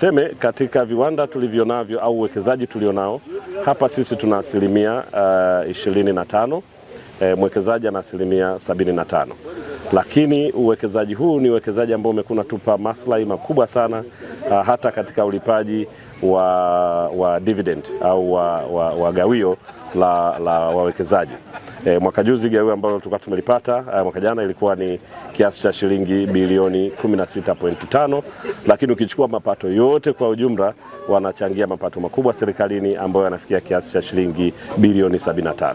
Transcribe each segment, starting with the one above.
Seme katika viwanda tulivyonavyo au uwekezaji tulionao hapa sisi tuna asilimia uh, ishirini na tano e, mwekezaji ana asilimia sabini na tano lakini uwekezaji huu ni uwekezaji ambao umekuwa unatupa maslahi makubwa sana a, uh, hata katika ulipaji wa, wa dividend au wa, wa, wa gawio la, la wawekezaji. E, mwaka juzi gawio ambalo tulikuwa tumelipata eh, mwaka jana ilikuwa ni kiasi cha shilingi bilioni 16.5, lakini ukichukua mapato yote kwa ujumla wanachangia mapato makubwa serikalini ambayo yanafikia kiasi cha shilingi bilioni 75.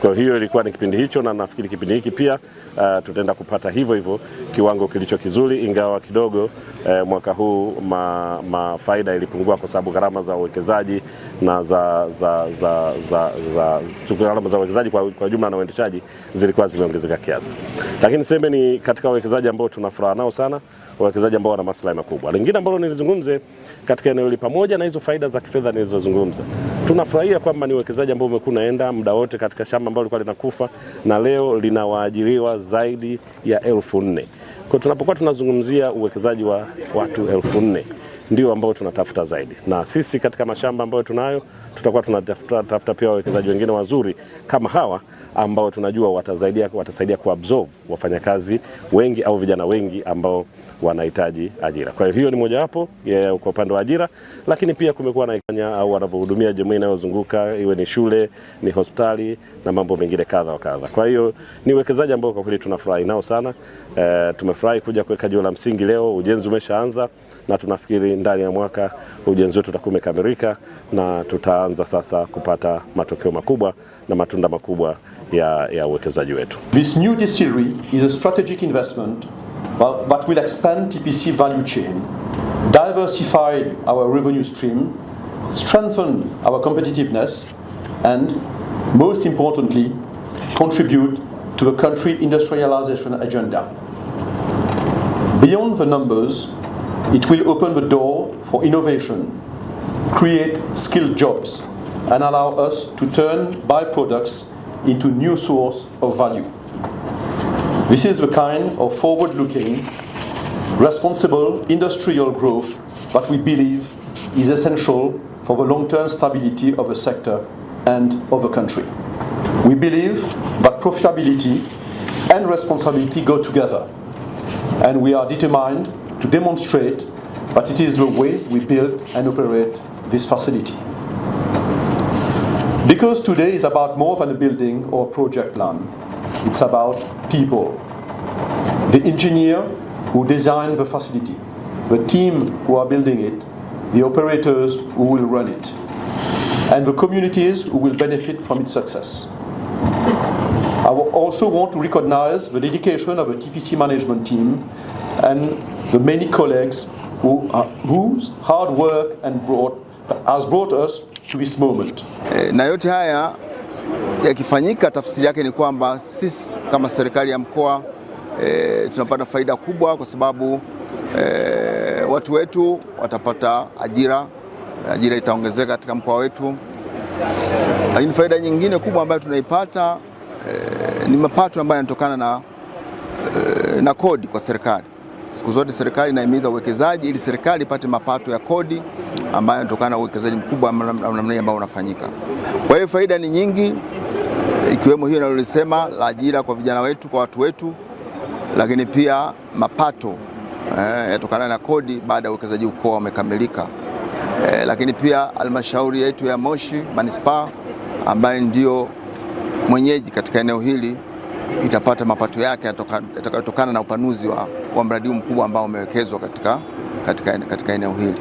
Kwa hiyo ilikuwa ni kipindi hicho, na nafikiri kipindi hiki pia e, tutaenda kupata hivyo hivyo kiwango kilicho kizuri, ingawa kidogo e, mwaka huu ma, ma faida ilipungua kwa sababu gharama za uwekezaji na za, za, za, za, za, za, za, za uwekezaji kwa, kwa jumla na uendeshaji zilikuwa zimeongezeka kiasi. Lakini niseme ni katika wawekezaji ambao tuna furaha nao sana, wawekezaji ambao wana maslahi makubwa. Lingine ambalo nilizungumze katika eneo hili, pamoja na hizo faida za kifedha nilizozungumza, tunafurahia kwamba ni uwekezaji ambao umekuwa unaenda muda wote katika shamba ambalo lilikuwa linakufa na leo lina zaidi ya elfu nne. Kwa tunapokuwa tunazungumzia uwekezaji wa watu elfu nne ndio ambao tunatafuta zaidi, na sisi katika mashamba ambayo tunayo tutakuwa tunatafuta tafuta pia wawekezaji wengine wazuri kama hawa ambao tunajua watasaidia, watasaidia kuabsorb wafanyakazi wengi au vijana wengi ambao wanahitaji ajira. Kwa hiyo hiyo ni mojawapo kwa upande wa ajira, lakini pia kumekuwa ikanya au wanavyohudumia jamii inayozunguka iwe ni shule, ni hospitali na mambo mengine kadha wa kadha. Kwa hiyo ni uwekezaji ambao kwa kweli tunafurahi nao sana e, tumefurahi kuja kuweka jiwe la msingi leo. Ujenzi umeshaanza na tunafikiri ndani ya mwaka ujenzi wetu utakuwa umekamilika na tutaanza sasa kupata matokeo makubwa na matunda makubwa ya, ya uwekezaji wetu. This new distillery is a strategic investment that will expand TPC value chain, diversify our revenue stream, strengthen our competitiveness and most importantly contribute to the country industrialization agenda. Beyond the numbers, it will open the door for innovation, create skilled jobs, and allow us to turn byproducts into new source of value. This is the kind of forward-looking, responsible industrial growth that we believe is essential for the long-term stability of the sector and of the country. We believe that profitability and responsibility go together and we are determined to demonstrate that it is the way we build and operate this facility. Because today is about more than a building or project plan, it's about people. The engineer who designed the facility, the team who are building it, the operators who will run it, and the communities who will benefit from its success. I also want to recognize the dedication of the TPC management team and the many colleagues who are, whose hard work and brought, has brought us to this moment. Eh, na yote haya yakifanyika, tafsiri yake ni kwamba sisi kama serikali ya mkoa e, tunapata faida kubwa kwa sababu e, watu wetu watapata ajira, ajira itaongezeka katika mkoa wetu, lakini faida nyingine kubwa ambayo tunaipata Eh, ni mapato ambayo yanatokana na, e, na kodi kwa serikali. Siku zote serikali inahimiza uwekezaji ili serikali ipate mapato ya kodi ambayo yanatokana na uwekezaji mkubwa namna hii ambao unafanyika. Kwa hiyo faida ni nyingi ikiwemo hiyo nalolisema la ajira kwa vijana wetu, kwa watu wetu, lakini pia mapato eh, yatokana na kodi baada ya uwekezaji ukoa umekamilika. Eh, lakini pia halmashauri yetu ya Moshi manispaa ambayo ndio mwenyeji katika eneo hili itapata mapato yake yatakayotokana na upanuzi wa, wa mradi huu mkubwa ambao umewekezwa katika, katika, katika eneo hili.